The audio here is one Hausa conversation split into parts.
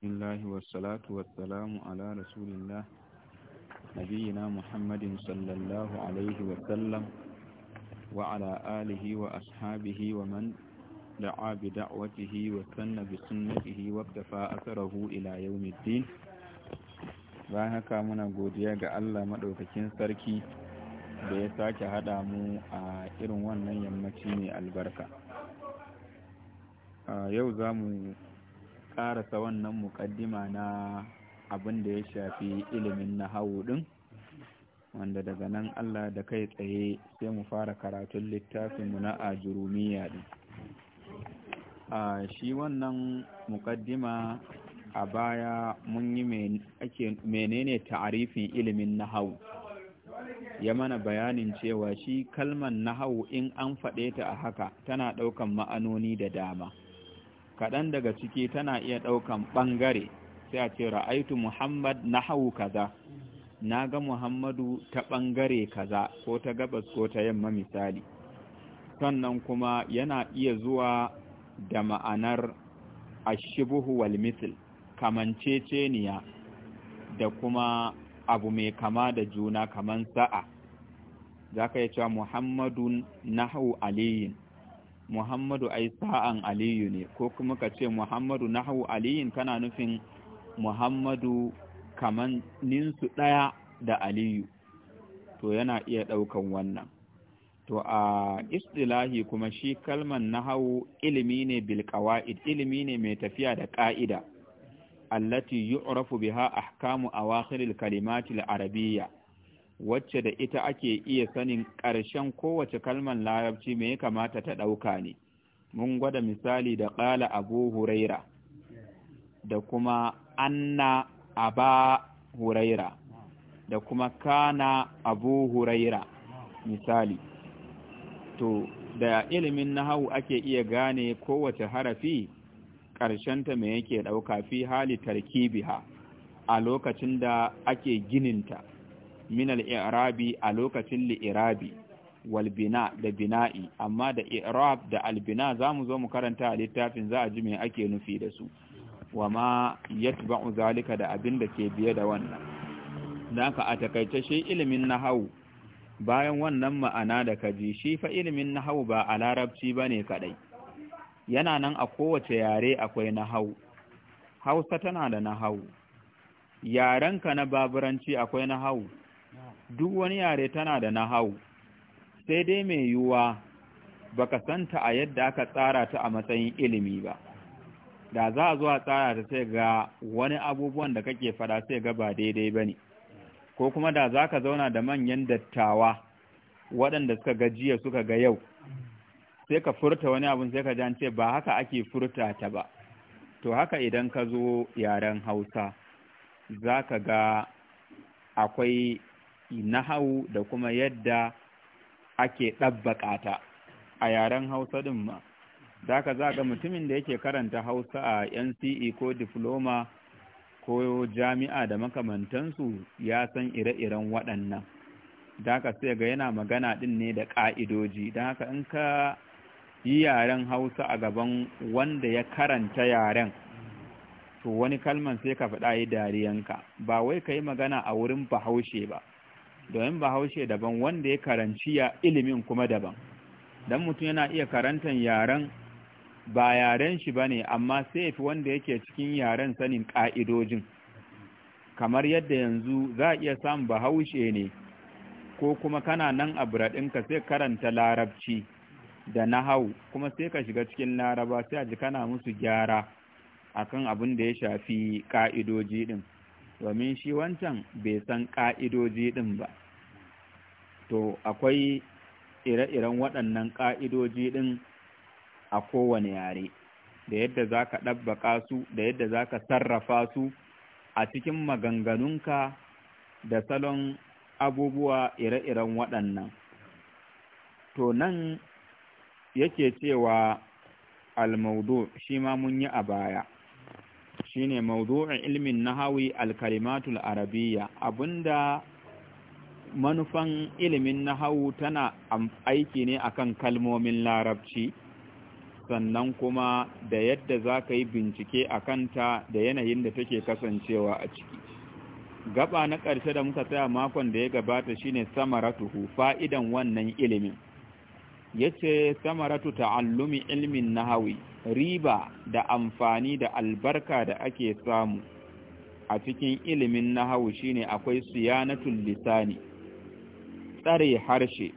الله والصلاة والسلام على رسول الله نبينا محمد صلى الله عليه وسلم وعلى آله وأصحابه ومن دعا بدعوته وسن بسنته واكتفى أثره إلى يوم الدين bayan haka muna godiya ga Allah maɗaukakin sarki da ya sake haɗa mu a irin wannan yammaci mai albarka yau za mu karasa wannan mukaddima na abin da ya shafi ilimin na hawu ɗin wanda daga nan Allah da kai tsaye sai mu fara karatun littafinmu na ajurumiya ɗin a shi wannan mukaddima a baya mun yi menene ta'arifin ilimin na hawu ya mana bayanin cewa shi kalman na hawu in an faɗe ta a haka tana ɗaukan ma'anoni da dama kaɗan daga ciki tana iya ɗaukan ɓangare sai a ce ra'aitu muhammad na hau kaza na ga muhammadu ta ɓangare kaza ko ta gabas ko ta yamma misali sannan kuma yana iya zuwa da ma'anar ashibuhu wal kaman kamanceceniya da kuma abu mai kama da juna kaman sa'a za ka yi cewa muhammadun nahu aliyin Muhammadu ai sa'an Aliyu ne ko kuma ka ce Muhammadu nahu aliyun kana nufin Muhammadu kaman ninsu ɗaya da Aliyu to yana iya ɗaukan wannan to a istilahi kuma shi kalman hau ilimi ne bil ilimi ne mai tafiya da ƙa'ida allati yu'rafu biha ahkamu awakhiril kalimatil arabiyya wacce da ita ake iya sanin ƙarshen kowace kalmar larabci me ya kamata ta ɗauka ne mun gwada misali da ƙala abu huraira da kuma anna aba huraira da kuma kana abu huraira misali to da ilimin nahawu ake iya gane kowace harafi ƙarshenta me yake ɗauka fi hali tarkibiha a lokacin da ake gininta min irabi a lokacin li'irabi Walbina da bina'i amma da i'rab da Albina za zamu zo mu karanta a littafin za a ji me ake nufi da su wa ma yatba'u zalika da abin da ke biye da wannan dan ka a takaice shi ilimin nahawu bayan wannan ma'ana da kaji shi fa ilimin nahawu ba a larabci ne kaɗai. yana nan a kowace yare akwai nahawu Hausa tana da nahawu yarenka na baburanci akwai nahawu duk wani yare tana da nahau sai dai mai yiwuwa baka santa a yadda aka tsara ta a matsayin ilimi ba da za a zo a tsara ta sai ga wani abubuwan da kake fada sai ga ba daidai ba ne ko kuma da za ka zauna da manyan dattawa waɗanda suka ga jiya suka ga yau sai ka furta wani abun sai ka jance ba haka ake furta ta ba to haka idan ka zo yaren hausa za ka ga akwai nahawu da kuma yadda ake ɗabbaƙa ta a yaren hausa ɗin ma za ka zaga mutumin da yake karanta hausa a nce ko Diploma ko jami'a da makamantansu ya san ire-iren waɗannan da haka sai ga yana magana ɗin ne da ƙa'idoji don haka in ka yi yaren hausa a gaban wanda ya karanta yaren to wani kalman sai ka faɗa yi dariyanka ba wai ka yi magana a wurin bahaushe ba domin bahaushe daban wanda ya karanci ya ilimin kuma daban dan mutum yana iya karantan yaren ba yaren shi ba ne amma sai yafi wanda yake cikin yaren sanin ka'idojin kamar yadda yanzu za a iya samun bahaushe ne ko kuma kana nan a buraɗinka sai karanta larabci da nahau kuma sai ka shiga cikin laraba sai a ji kana musu gyara akan abin da ya shafi ka'idoji din domin shi wancan bai san ka'idoji din ba to akwai ire-iren waɗannan ƙa'idoji ɗin a kowane yare da yadda za ka ɗabbaƙa su da yadda za ka sarrafa su a cikin maganganunka da salon abubuwa ire-iren waɗannan to nan yake cewa almaudu shi ma mun yi a baya shi shine maudu'in ilmin nahawi alkalimatul arabiyya abinda manufan ilimin nahawu tana aiki ne akan kalmomin larabci sannan kuma da yadda za ka yi bincike a kanta da yanayin da take kasancewa a ciki gaba na ƙarshe da muka tsaya makon da ya gabata shine samaratuhu fa'idan wannan ilimin Ya yace samaratu ta'allumi na nahawi riba da amfani da albarka da ake samu a cikin ilimin nahawu shine akwai siyanatun lisani tsare harshe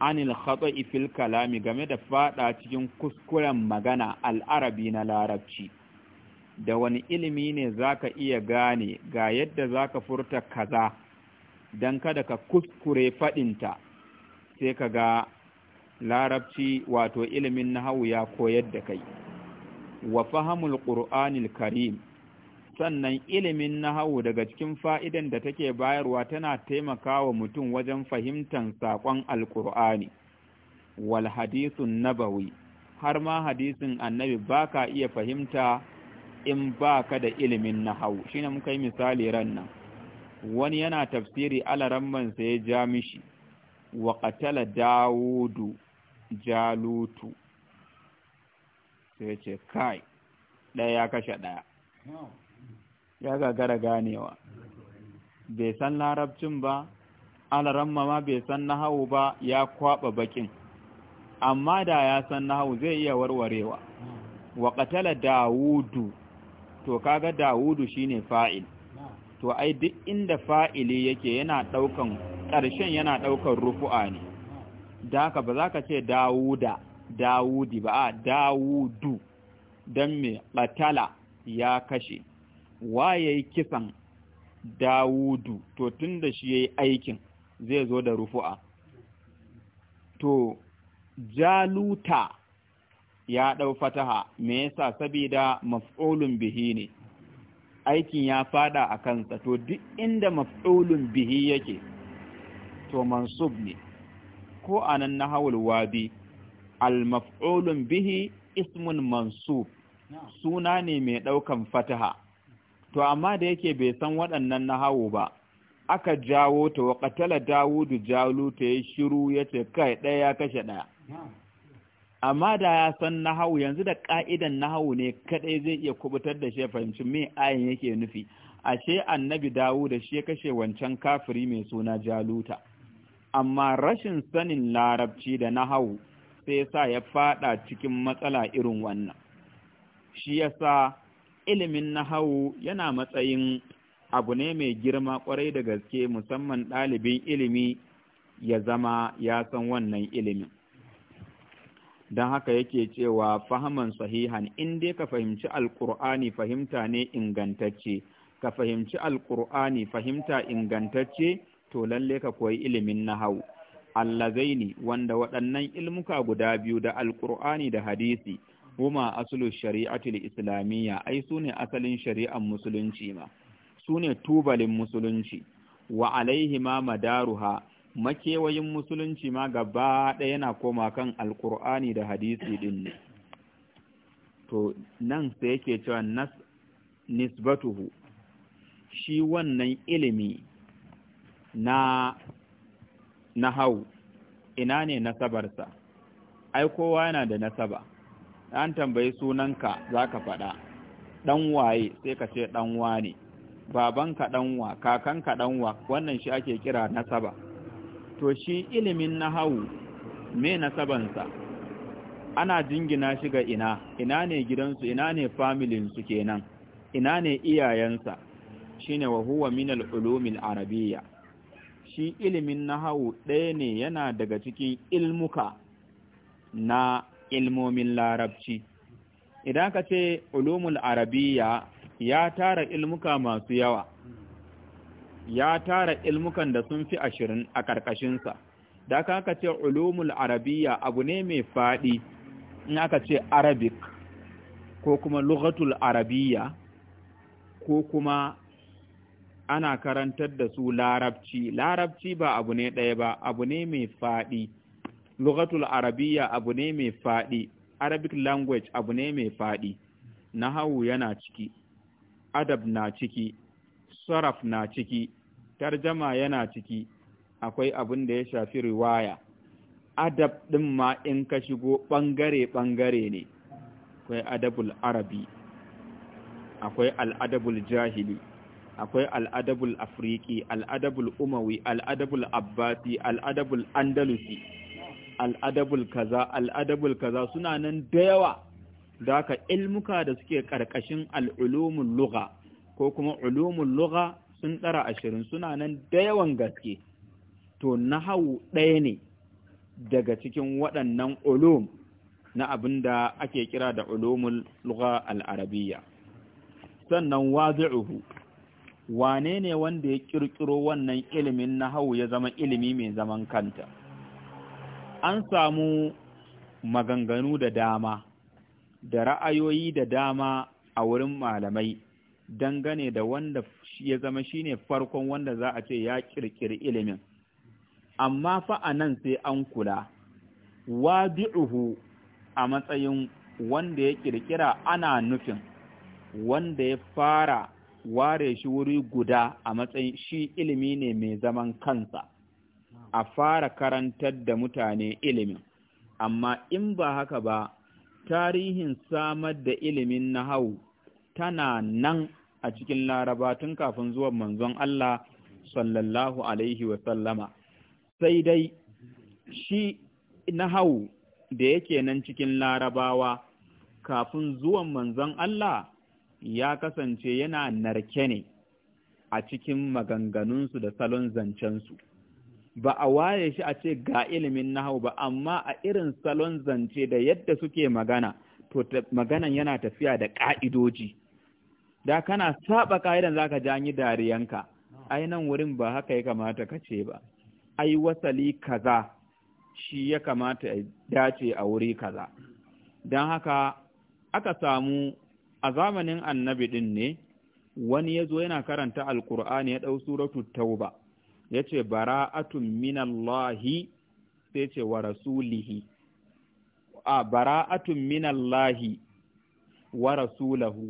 anil khata'i fil kalami game da fada cikin kuskuren magana al'arabi na larabci da wani ilimi ne zaka iya gane ga yadda zaka furta kaza dan kada ka kuskure fadinta sai ka ga larabci wato ilimin nahawu ya koyar da kai wa fahamul qur'anil karim sannan ilimin nahawu daga cikin fa'idan da take bayarwa tana taimakawa mutum wajen fahimtar saƙon alƙur'ani wal hadisun nabawi har ma hadisin annabi ba ka iya fahimta in ba ka da ilimin nahawu shi ne muka yi misali ran nan wani yana tafsiri sai ya ja mishi wa ƙatala dawudu jalutu sai ce kai ɗaya ya kashe ɗaya ya gagara ganewa bai san larabcin ba alaramma ma bai san nahawu ba ya kwaba bakin amma da ya san nahawu zai iya warwarewa wa qatala dawudu to kaga dawudu shine fa'il to ai duk inda fa'ili yake yana daukan ƙarshen yana daukan rufu'a ne da haka ba za ka ce dawuda dawudi ba a dawudu don me qatala ya kashe waye yayi kisan dawudu to tunda shi yayi aikin zai zo da rufu'a to jaluta ya ɗau fataha me yasa sabida maf'ulun bihi ne aikin ya fada a kansa to duk inda maf'ulun bihi yake to mansub ne ko anan nahawul wabi al maf'ulun bihi ismun mansub suna ne mai ɗaukan fataha to amma da yake bai san waɗannan nahawu ba aka jawo ta wa qatala dawudu ta ya shiru ya ce kai ɗaya ya kashe ɗaya amma da ya san hawo yanzu da ƙa'idan nahawu ne kaɗai zai iya kubutar da shi fahimci me ayin yake nufi ashe annabi dawo shi ya kashe wancan kafiri mai suna jaluta amma rashin sanin larabci da nahawu sai sa ya faɗa cikin matsala irin wannan shi yasa ilimin nahawu yana matsayin abu ne mai girma kwarai da gaske musamman ɗalibin ilimi ya zama ya san wannan ilimin. Don haka yake cewa fahiman sahihan in dai ka fahimci alkur'ani fahimta ne ingantacce, ka fahimci alkur'ani fahimta ingantacce to lalle ka koyi ilimin nahau. Allazaini wanda waɗannan ilmuka guda biyu da alkur'ani da hadisi huma asulu shari'atul islamiyya ai sune asalin shari'ar musulunci ma Sune tubalin musulunci wa alaihi ma madaruha makewayin musulunci ma gaba ɗaya yana koma kan alkur'ani da hadisi din ne to nan sai yake cewa nas nisbatuhu shi wannan ilimi na na hau ina ne nasabarsa ai kowa yana da nasaba an tambayi sunanka za ka faɗa ɗan waye sai ka ce ɗan wane babanka ɗan wa kakanka ɗan wa wannan shi ake kira nasaba to shi ilimin na hau me nasabansa ana jingina shi ga ina ina ne gidansu ina ne familinsu kenan ina ne iyayensa Shi wa huwa min ulumin Arabiya. shi ilimin na hau ɗaya ne yana daga cikin ilmuka na ilmomin larabci idan ka ce ulumul arabiya ya tara ilmuka masu yawa ya tara ilmukan da sun fi ashirin a ƙarƙashinsa da aka ce ulumul arabiya abu ne mai faɗi in aka ce arabic ko kuma lughatul arabiya ko kuma ana karantar da su larabci larabci ba abu ne ɗaya ba abu ne mai faɗi lughatul arabiyya abu ne mai faɗi arabic language abu ne mai faɗi nahawu yana ciki adab na ciki saraf na ciki tarjama yana ciki akwai abin da ya shafi riwaya adab ɗin ma in ka shigo ɓangare-ɓangare ne akwai adabul arabi akwai al'adabul jahili akwai al'adabul afriki al'adabul umawi al'adabul abbasi al'adabul andalusi al'adabul kaza al'adabul kaza suna nan da yawa da ka ilmuka da suke ƙarƙashin al'ulumun lugha ko kuma ulumun lugha sun ɗara ashirin suna nan da yawan gaske to na hau ɗaya ne daga cikin waɗannan ulum na abin da ake kira da ulumul lugha al'arabiya sannan wazi'uhu wane ne wanda ya ƙirƙiro wannan ilimin na hau ya zama ilimi mai zaman kanta an samu maganganu da dama da ra'ayoyi da dama a wurin malamai dangane da wanda ya zama shine farkon wanda za a ce ya kirkiri ilimin amma fa a nan sai an kula biuhu a matsayin wanda ya kirkira ana nufin wanda ya fara ware shi wuri guda a matsayin shi ilimi ne mai zaman kansa a fara karantar da mutane ilimin amma in ba haka ba tarihin samar da ilimin na hau tana nan a cikin laraba tun kafin zuwan manzon Allah sallallahu alaihi wasallama. sai dai shi na hau da yake nan cikin larabawa kafin zuwan manzon Allah ya kasance yana narke ne a cikin maganganunsu da salon zancensu. ba a waye shi a ce ga ilimin nahau ba amma a irin salon zance da yadda suke magana to maganan yana tafiya da ka'idoji da kana saba ka'idan zaka ja yi dariyanka ai nan wurin ba haka ya kamata ka ce ba ai wasali kaza shi ya kamata ya dace a wuri kaza don haka aka samu a zamanin annabi din ne wani ya zo yana karanta alkur'ani ya ɗau suratu tauba ya ce bara'atun minallahi sai ce wa rasulihi a bara'atun minallahi wa rasulahu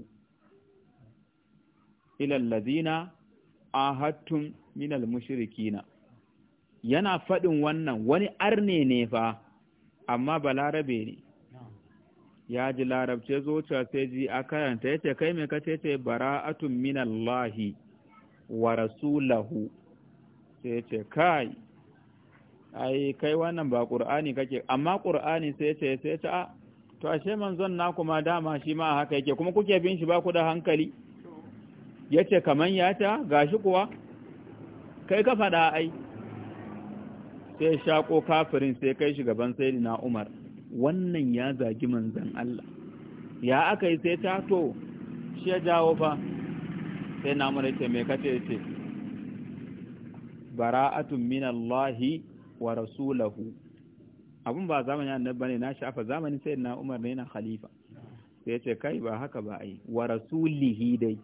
ilallazina ahattun minal mushrikina yana faɗin wannan wani arne ne fa amma ba larabe ne ya ji larabce zuciya sai ji a karanta ya ce kai mai kace ce bara'atun minallahi wa rasulahu sai ce kai ai kai wannan ba ƙur'ani kake amma ƙur'ani sai ce sai ya ce ah, to ashe manzon na kuma dama shi ma haka yake kuma kuke bin shi ba ku da hankali yace ce kaman ya ta gashi kuwa kai ka fada ai sai shako kafirin sai kai shi gaban sai na umar wannan ya zagi manzan Allah ya akai sai ta to shi ya jawo fa sai namu ce mai kace ce bara'atun min Allah wa rasulahu abun ba zamani annabi bane na shafa sai na Umar ne na khalifa sai yace kai ba haka ba ai wa rasulihi dai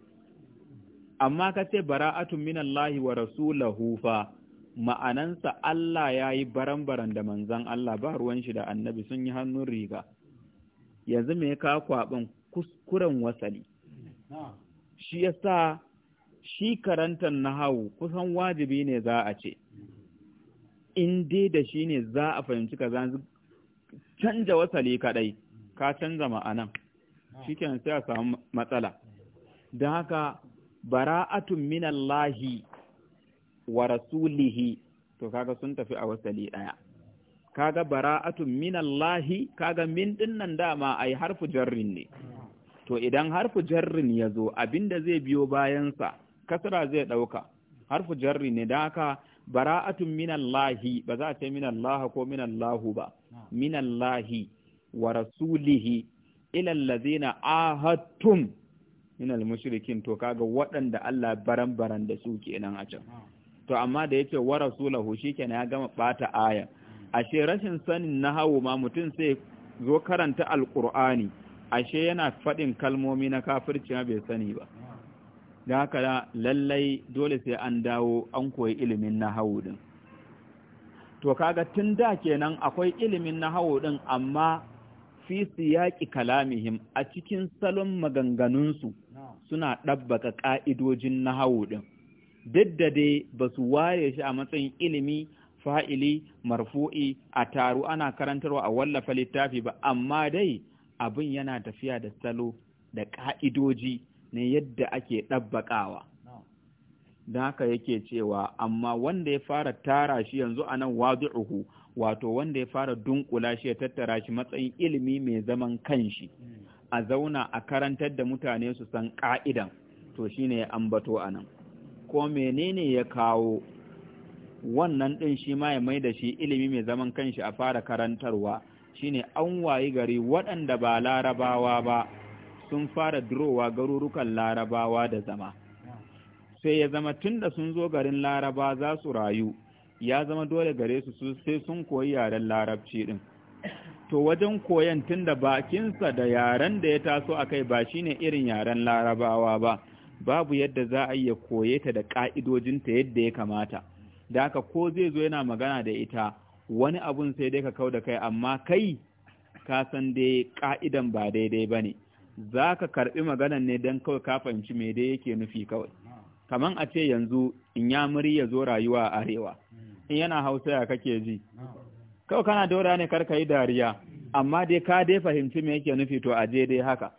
amma ka ce bara'atun min Allah wa rasulahu fa ma'anansa Allah ya yi baran da manzan Allah ba ruwan shi da annabi sun yi hannun riga yanzu me ka kwabin kuskuren wasali shi yasa shi karantar nahawu kusan wajibi ne za a ce in dai da shi ne za a fahimci ka canja wasali kadai ka canza ma'anan ke sai a samu matsala Da haka bara'atun minallahi wa rasulihi to kaga sun tafi a wasali daya kaga bara'atun minallahi kaga min nan dama ai harfu jarrin ne to idan harfu jarrin ya zo abinda zai biyo bayansa kasra zai ɗauka harfu jarri ne da haka bara'atun minallahi ba za a ce minallaha ko minallahu ba minallahi wa rasulihi ilal ladzina ahadtum minal mushrikin to kaga waɗanda Allah baran baran da su kenan a can to amma da yace wa rasulahu shikenan ya gama bata aya ashe rashin sanin nahawu ma mutum sai zo karanta alqur'ani ashe yana fadin kalmomi na kafirci ma bai sani ba da haka lallai dole sai an dawo an koyi ilimin nahawu din to kaga tun da kenan akwai ilimin nahawu din amma fi yaƙi kalamihim a cikin salon maganganunsu suna ɗabbaka ƙa'idojin nahawu din duk da dai ba su ware shi a matsayin ilimi fa'ili marfu'i a taru ana karantarwa a wallafa littafi ba amma dai abin yana tafiya da salo da ƙa'idoji ne yadda ake ɗabbaƙawa. Da haka yake cewa, amma wanda ya fara tara shi yanzu a nan wadu'uhu, wato wanda ya fara dunkula shi ya tattara shi matsayin ilimi mai zaman kanshi, a zauna a karantar da mutane su san ƙa'idan, to shi ne ya ambato a nan. Ko menene ya kawo wannan ɗin shi ma ya mai da shi ilimi mai zaman kanshi a fara karantarwa, shi ne an wayi gari waɗanda ba larabawa ba. sun fara durowa garurukan larabawa da zama sai ya zama tun da sun zo garin laraba za su rayu ya zama dole gare su sai sun koyi yaren larabci din to wajen koyan tun da bakinsa da yaren da ya taso a kai ba shine irin yaren larabawa ba babu yadda za a iya koye ta da ka'idojinta yadda ya kamata da haka ko zai zo yana magana da ita wani abun sai dai ka kau da kai amma kai ka san dai ƙa'idan ba daidai ba ne za ka karɓi maganan ne don kawai ka fahimci me dai yake nufi kawai kaman a ce yanzu in ya muri ya zo rayuwa a arewa in yana hausa ya kake ji kawai kana daura ne kar ka yi dariya amma dai ka dai fahimci me yake nufi to aje dai haka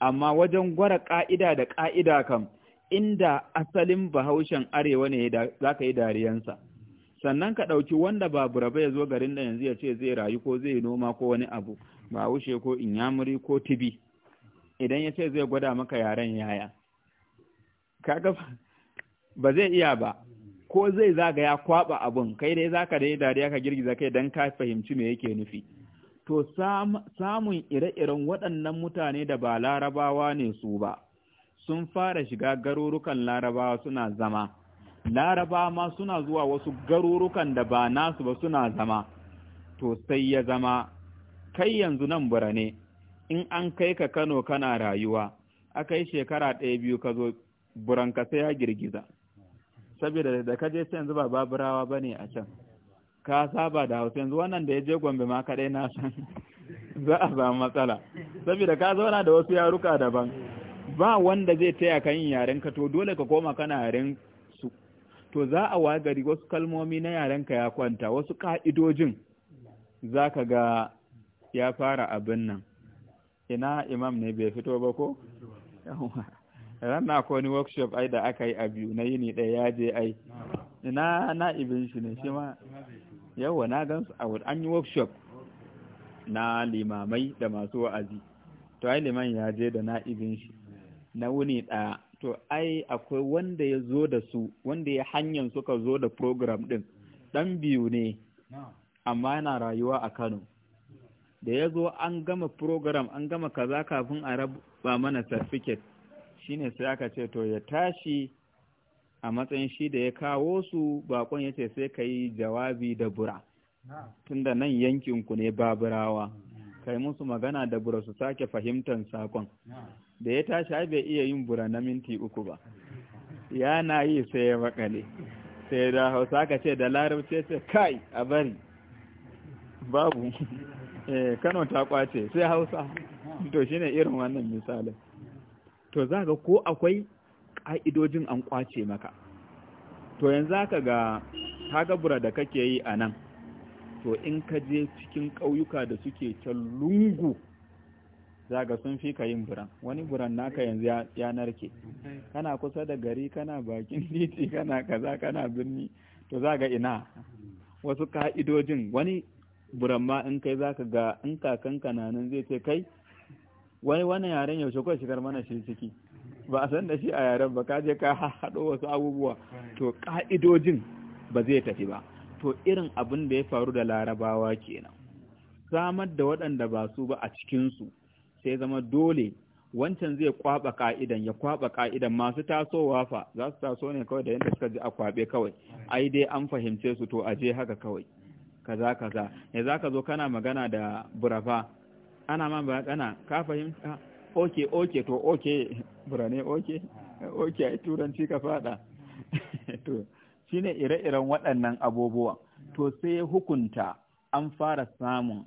amma wajen gwara ka'ida da ka'ida kam inda asalin bahaushen arewa ne za ka yi dariyansa sannan ka ɗauki wanda ba burabe ya zo garin da yanzu ya ce zai rayu ko zai noma ko wani abu ba ko inyamuri ko tibi idan ya ce zai gwada maka yaren yaya kaga ba zai iya ba ko zai zaga ya kwaba abun kai dai zaka dai dariya ka girgiza kai dan ka fahimci me yake nufi to samun ire-iren waɗannan mutane da ba larabawa ne su ba sun fara shiga garurukan larabawa suna zama larabawa ma suna zuwa wasu garurukan da ba nasu ba suna zama to sai ya zama kai yanzu nan ne in an kai ka Kano kana rayuwa akai shekara ɗaya biyu ka zo buranka sai ya girgiza saboda da ka je yanzu ba baburawa ba ne a can ka saba da hausa yanzu wannan da ya je gombe ma kaɗai na san za a samu matsala saboda ka zauna da wasu yaruka daban ba wanda zai taya ka yin yaren ka to dole ka koma kana yaren su to za a wagari wasu kalmomi na yaren ka ya kwanta wasu ka'idojin za ka ga ya fara abin nan ina imam ne bai fito ba ko ranar ko workshop ai da aka yi a biyu na yini ɗaya ya je ai ina na ibin shi ne shi ma yawa na gansu a an yi workshop na limamai da masu wa'azi to ai liman ya je da na ibin shi na wuni ɗaya to ai akwai wanda ya zo da su wanda ya hanyar suka zo da program ɗin ɗan biyu ne amma yana rayuwa a kano da ya zo an gama program an gama kaza kafin a raba mana certificate shine sai aka ce to ya tashi a matsayin shi da ya kawo su bakon ya ce sai ka yi jawabi da bura tunda nan yankinku ne baburawa kai musu magana da bura su sake fahimtar sakon da ya tashi ai bai iya yin bura na minti uku ba yana yi sai ya makale sai da hausa ka ce da larabci ce kai a bari babu eh kano ta kwace sai hausa to shine irin wannan misalin to za ko akwai ƙa'idojin an kwace maka to yanzu haka ga tagabura da kake yi a nan to in ka je cikin ƙauyuka da suke can lungu za ga sun fi ka yin buran wani buran naka yanzu ya narke kana kusa da gari kana bakin titi kana kaza kana birni to za ina wasu ka'idojin wani Buramma in kai zaka ga in kakan kananan zai ce kai wai wannan yaren yaushe kawai shigar mana shi ciki ba a san da shi a yaren ba kaje ka haɗo wasu abubuwa to ka'idojin ba zai tafi ba to irin abin da ya faru da larabawa kenan samar da waɗanda ba su ba a cikinsu sai zama dole wancan zai kwaɓa ka'idan ya kwaɓa ka'idan masu tasowa fa za su taso ne kawai da yadda suka ji a kwaɓe kawai ai dai an fahimce su to a je haka kawai kaza kaza ya zaka zo kana magana da burafa ana ma magana ka fahimta oke oke to oke burane oke oke a turanci ka fada to shine ire-iren waɗannan abubuwa to sai hukunta an fara samun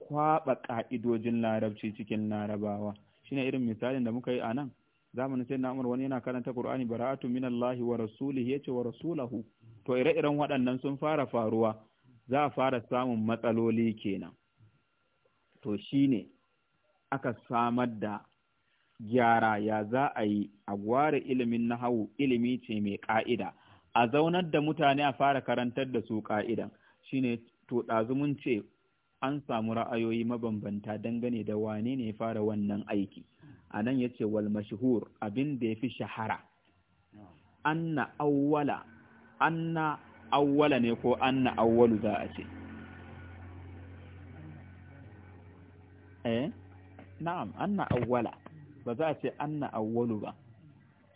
kwaɓa ka'idojin larabci cikin larabawa shine irin misalin da muka yi a nan zamanin sai na wani yana karanta Qur'ani bara'atu minallahi wa rasulihi yace wa rasulahu to ire-iren waɗannan sun fara faruwa za a fara samun matsaloli kenan to shine aka samar da gyara ya za a yi a gware ilimin nahawu ilimi ce mai ƙa'ida a zaunar da mutane a fara karantar da su ƙa'idan shine to ɗazumin ce an samu ra'ayoyi mabambanta dangane da wane ne fara wannan aiki a nan ya ce wal mashhur abin da ya fi shahara anna awwala anna awwala ne ko anna awwalu za a ce eh na'am anna awwala ba za a ce anna awwalu ba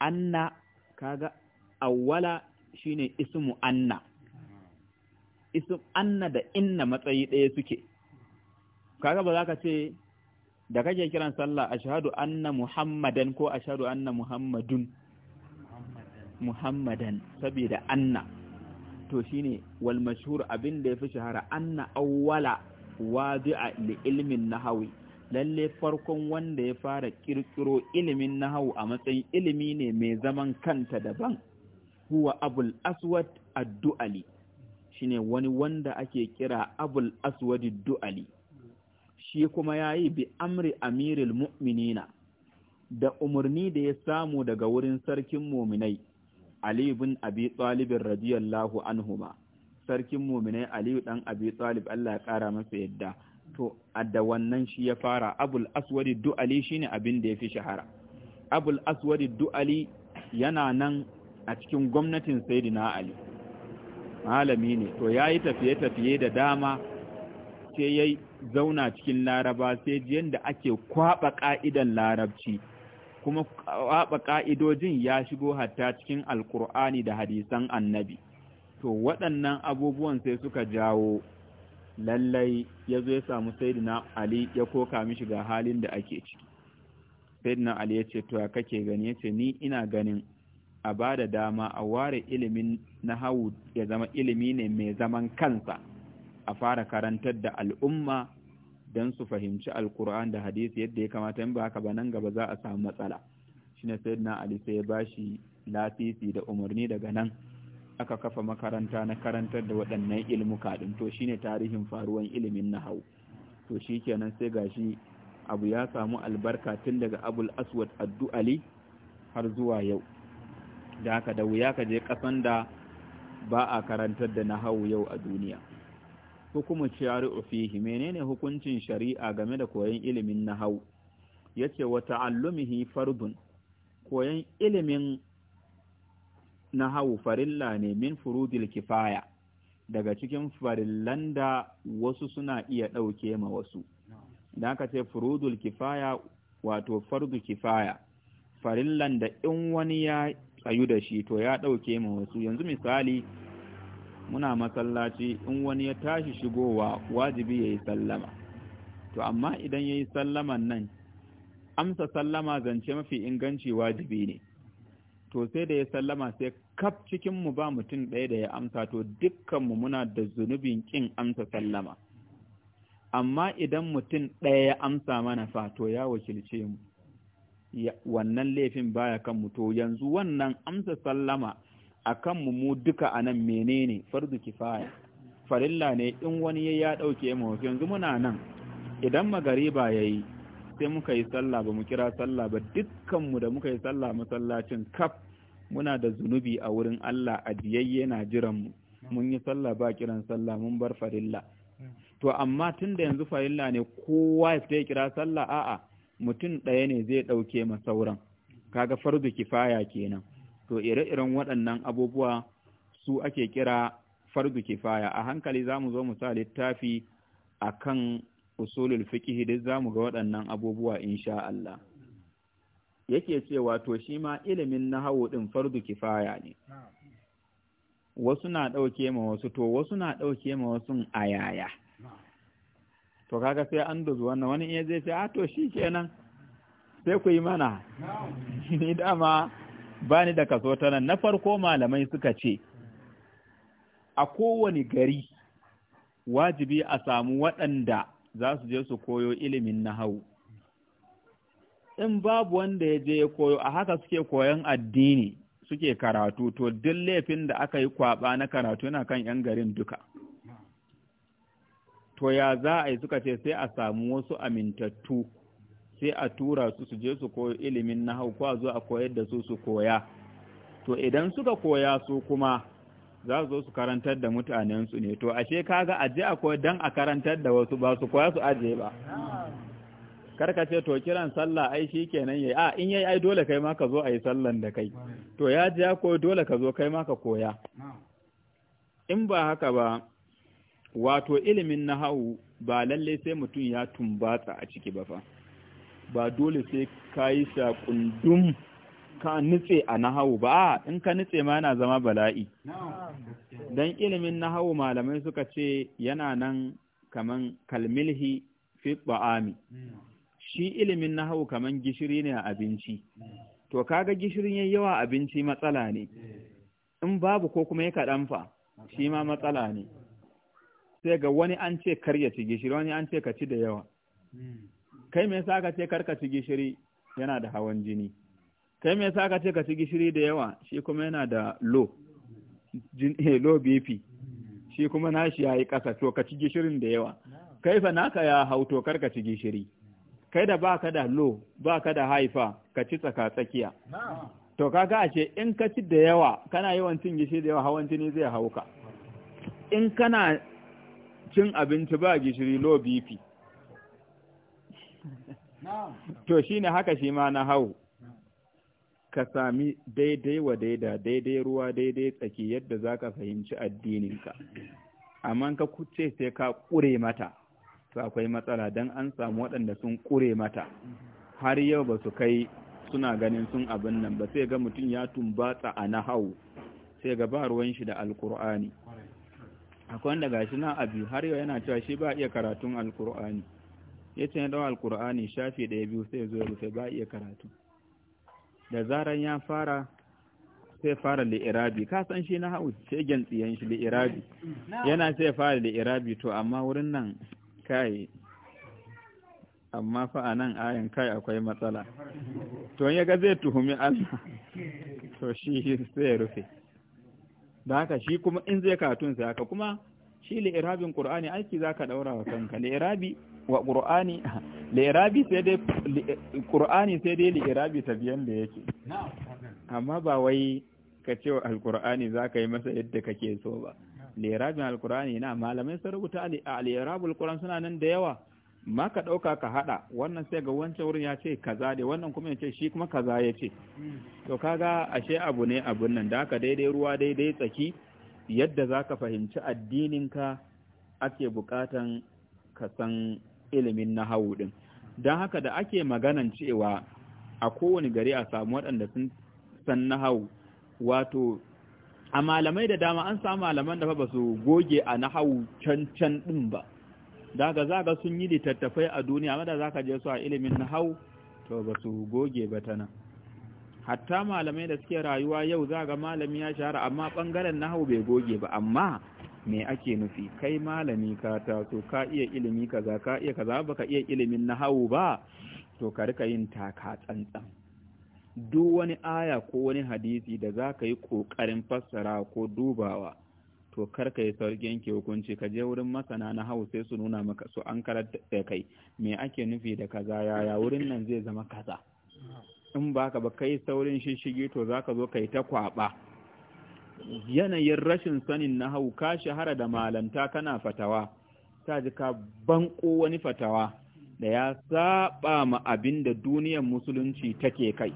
anna kaga awwala shine ismu anna ism anna da inna matsayi ɗaya suke kaga ba za ka ce da kake kiran sallah ashhadu anna muhammadan ko ashhadu anna muhammadun muhammadan saboda anna to shine wal mashhur abin da ya fi shahara anna awwala wadi'a li ilmin nahawi lalle farkon wanda ya fara kirkiro ilimin nahawu a matsayin ilimi ne mai zaman kanta daban huwa abul aswad ad-du'ali shine wani wanda ake kira abul aswad ad-du'ali shi kuma yayi bi amri amiril mu'minina da umarni da ya samu daga wurin sarkin muminai Ali bin Abi Talib radiyallahu anhuma sarkin muminai Aliyu dan Abi Talib Allah ya kara masa yadda to da wannan shi ya fara Abul Aswad Du'ali shine abin da ya fi shahara Abul Aswad Du'ali yana nan a cikin gwamnatin Sayyidina Ali malami ne to yayi tafiye-tafiye da dama sai yayi zauna cikin Laraba sai jiyan da ake kwaba ka'idan Larabci kuma kwaɓa ƙa'idojin ya shigo hatta cikin alkur'ani da hadisan annabi to waɗannan abubuwan sai suka jawo lallai ya zo ya samu saidina ali ya koka mishi ga halin da ake ciki saidina ali ya ce to ya kake gani ya ce ni ina ganin a ba da dama a ware ilimin na hau ya zama ilimi ne mai zaman kansa a fara karantar da al'umma don su fahimci alkur'an da hadisi yadda ya kamata in ba haka ba nan gaba za a samu matsala shine sayyidina ali sai ya bashi lafifi da umarni daga nan aka kafa makaranta na karantar da waɗannan ilmuka din to shine tarihin faruwan ilimin nahau to shikenan sai gashi abu ya samu albarka tun daga abul aswad addu'ali har zuwa yau da haka da wuya ka je kasan da ba a karantar da nahau yau a duniya hukumu shari'u fihi menene hukuncin shari'a game da koyon ilimin nahau yace wa ta'allumihi fardun koyon ilimin nahau farilla ne min furudil kifaya daga cikin farillan da wasu suna iya ɗauke ma wasu da aka ce furudul kifaya wato fardu kifaya farillan da in wani ya tsayu da shi to ya ɗauke ma wasu yanzu misali muna masallaci in wani ya tashi shigowa wajibi ya yi sallama to amma idan ya yi sallaman nan amsa sallama zance mafi inganci wajibi ne to sai da ya sallama sai kaf cikinmu ba mutum ɗaya da ya amsa to dukkanmu muna da zunubin ƙin amsa sallama amma idan mutum ɗaya ya amsa mana fa to ya wakilce mu wannan laifin baya kan mu to yanzu wannan amsa sallama a kanmu mu duka a nan menene fardu kifaya farilla ne in wani ya ya ɗauke mu yanzu muna nan idan magariba ya yi sai muka yi sallah ba mu kira sallah ba dukkanmu da muka yi sallah masallacin kaf muna da zunubi a wurin Allah biyayye na jiranmu mun yi sallah ba kiran sallah mun bar farilla to amma tun da yanzu farilla ne kowa ya kira sallah a'a mutum ɗaya ne zai ɗauke ma sauran kaga fardu kifaya kenan to ire-iren waɗannan abubuwa su ake kira fardu kifaya a hankali za mu zo mu sa littafi a kan usulul fiƙihi duk za mu ga waɗannan abubuwa insha Allah yake cewa to shi ma ilimin nahawu ɗin fardu kifaya ne wasu na ɗauke ma wasu to wasu na ɗauke ma wasu a yaya to kaga sai an dozu wannan wani iya zai ce ah, a to shi kenan sai ku yi mana ni dama ba ni da kaso ta nan na farko malamai suka ce a kowane gari wajibi a samu waɗanda za su je su koyo ilimin na hau in babu wanda ya je ya koyo a haka suke koyon addini suke karatu to duk laifin da aka yi kwaba na karatu yana kan 'yan garin duka to ya za a yi suka ce sai a samu wasu amintattu sai a tura su su je su koyo ilimin nahau ko a zo a koyar da su su koya to idan suka koya su kuma za su zo su karantar da mutanensu ne to ashe kaga aje a koyar dan a karantar da wasu ba su koya su aje ba karka ce to kiran sallah ai shi kenan yayi a in yayi ai dole kai ma ka zo ayi sallan da kai to ya ji ko dole ka zo kai ma ka koya in ba haka ba wato ilimin nahawu ba lalle sai mutum ya tumbatsa a ciki ba fa ba dole sai ka yi kundum ka nutse a nahawu ba in ka nutse ma yana zama bala'i don ilimin nahawu malamai suka ce yana nan kaman kalmilhi fi ba'ami shi ilimin nahawu kaman gishiri ne a abinci to kaga gishirin yayi yawa abinci matsala ne in babu ko kuma ya kaɗan fa shi ma matsala ne sai ga wani an ce kar ya ci gishiri wani an ce ka ci da yawa kai me yasa ka ce karka ci gishiri yana da hawan jini kai me yasa ka ce ka ci gishiri da yawa shi kuma yana da low jin eh low bp shi kuma nashi yayi kasa to ka ci gishirin da yawa kai fa naka ya hau to karka ci gishiri kai da baka da low baka da haifa ka ci tsaka tsakiya to kaga ce in ka ci da yawa kana yawan cin gishiri da yawa hawan jini zai hauka in kana cin abinci ba gishiri low bp to shi ne haka shi ma na hau ka sami daidai wa daida daidai ruwa daidai tsaki yadda za ka fahimci addininka amma ka kuce sai ka ƙure mata to akwai matsala don an samu waɗanda sun ƙure mata har yau ba su kai suna ganin sun abin nan ba sai ga mutum ya tumbatsa a na hau sai ga ba ruwan shi da alkur'ani akwai wanda shi na abu har yau yana cewa shi ba iya karatun alkur'ani ya ce na dawa alkur'ani shafi ɗaya biyu sai zo rufe ba iya karatu da zaran ya fara sai fara li'irabi ka san shi na hau ce tsiyan shi li'irabi yana sai fara li'irabi to amma wurin nan kai amma fa a nan ayan kai akwai matsala to ya ga zai tuhumi Allah to shi sai ya rufe da haka shi kuma in zai karatun sai haka kuma shi li'irabin ƙur'ani aiki zaka daura wa kanka li'irabi wa qur'ani li'irabi sai dai qur'ani sai dai ta biyan da yake amma ba wai ka ce alqur'ani zaka yi masa yadda kake so ba li'irabin alqur'ani na malamai sun rubuta al'irabul qur'an suna nan da yawa ma ka ɗauka ka haɗa wannan sai ga wancan wurin ya ce kaza da wannan kuma ya ce shi kuma kaza ya ce to kaga ashe abu ne abun nan da aka daidai ruwa daidai tsaki yadda za ka fahimci ka ake bukatan ka san ilimin nahawu ɗin don haka da ake maganan cewa a kowane gari a samu waɗanda sun san na hau, wato a malamai da dama an samu malaman da ba su goge a na can-can ɗin ba daga zaga sun yi littattafai a duniya mada ka je su a ilimin na hau, to ba su goge ba ta hatta malamai da suke rayuwa yau zaga malami ya shahara amma ɓangaren na hau bai goge ba amma me ake nufi kai malami ka taso ka iya ilimi kaza ka iya kaza baka iya ilimin na hawu ba to ka rika yin taka tsantsan duk wani aya ko wani hadisi da za ka yi ƙoƙarin fassara ko dubawa to kar ka yi sauki yanke hukunci ka je wurin masana na hau sai su nuna maka su an karar da kai me ake nufi da kaza yaya wurin nan zai zama kaza in ba ka ba kai saurin shishigi to za ka zo ka yi ta kwaba yanayin rashin sanin na hau ka shahara da malanta kana fatawa ta ji ka banko wani fatawa da ya saba ma abin da duniyar musulunci take kai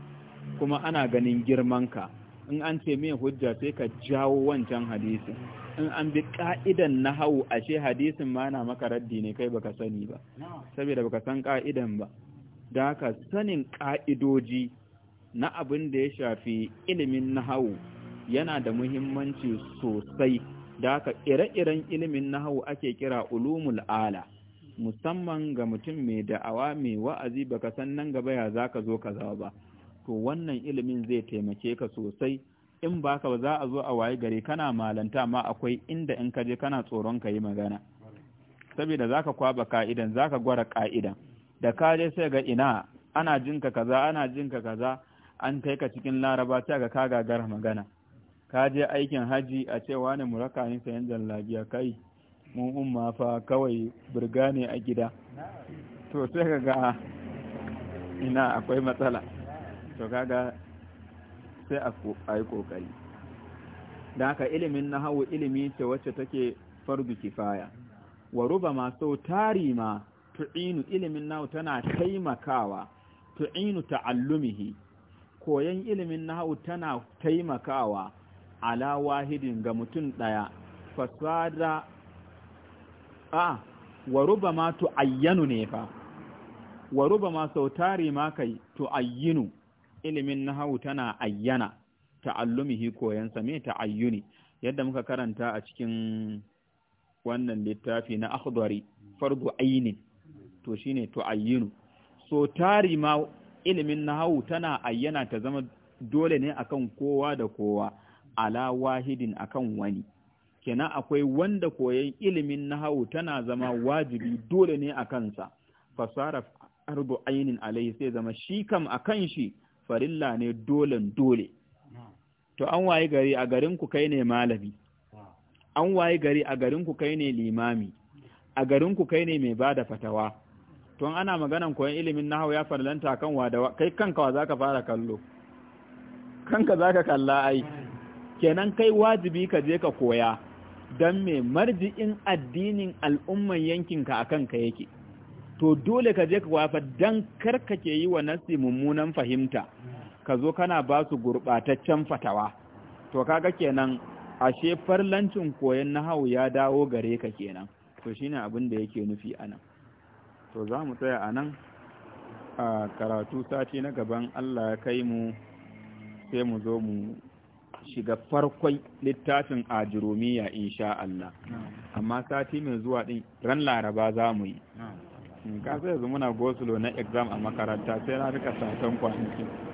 kuma ana ganin girmanka in an ce mai hujja sai ka jawo wancan hadisi. in an bi ƙa'idan na hau ashe hadisin ma na maka raddi ne kai baka sani ba saboda baka san ƙa'idan ba da ka sanin ka'idoji na abin da ya shafi ilimin na hau yana da muhimmanci sosai da haka ire-iren ilimin nahawu ake kira ulumul ala musamman ga mutum mai da'awa mai wa'azi baka san nan gaba ya zaka zo kaza ba to wannan ilimin zai taimake ka sosai in baka ba za a zo a waye gari kana malanta ma akwai inda in ka je kana tsoron ka yi magana saboda zaka kwaba ka'idan zaka gwara ka'idan da ka je sai ga ina ana jinka kaza ana jinka kaza an kai ka cikin laraba ta ga ka gagara magana ka je aikin haji a cewa ne mu raka sayan jallabiya kai mun umma fa kawai birga ne a gida to sai ka ina akwai matsala to kaga sai a yi kokari da haka ilimin na hau ilimi ce wacce take fardu kifaya wa ruba masu tari ma tu'inu ilimin nahu tana taimakawa tu'inu ta'allumihi koyan ilimin nahu tana taimakawa ala wahidin ga mutum ɗaya fasada a wa ruba ma ayyanu ne fa wa ma sautari ma kai ayyinu ilimin nahawu tana ayyana ta'allumihi koyansa me ta'ayyuni yadda muka karanta a cikin wannan littafi na akhdari fardu ainin to shine ayyinu so tari ma ilimin nahawu tana ayyana ta zama dole ne akan kowa da kowa ala wahidin akan wani kenan akwai wanda koyon ilimin nahawu tana zama wajibi dole ne a kansa fasara ardu ainin alai sai zama shi kam a shi farilla ne dole dole to an waye gari a garin ku kai ne malami an waye gari a garin ku kai ne limami a garin ku kai ne mai bada fatawa to ana maganan koyon ilimin nahawu ya farlanta kan wa da kai kanka wa zaka fara kallo kanka zaka kalla ai kenan kai wajibi ka je ka koya don me marji'in addinin al'umman yankinka a kanka yake to dole ka je ka wafa don ke yi wa nasi mummunan fahimta ka zo kana ba su gurɓataccen fatawa to kaga kenan ashe farlancin koyon nahawu ya dawo gare ka kenan to shine abin da yake nufi anan to za mu tsaya anan a karatu sati na gaban Allah ya kai mu sai mu zo mu shiga farkon littafin in insha Allah amma sati mai zuwa ɗin ran laraba za mu yi ka sai yanzu muna gosulo na exam a makaranta sai na rika satan kwanaki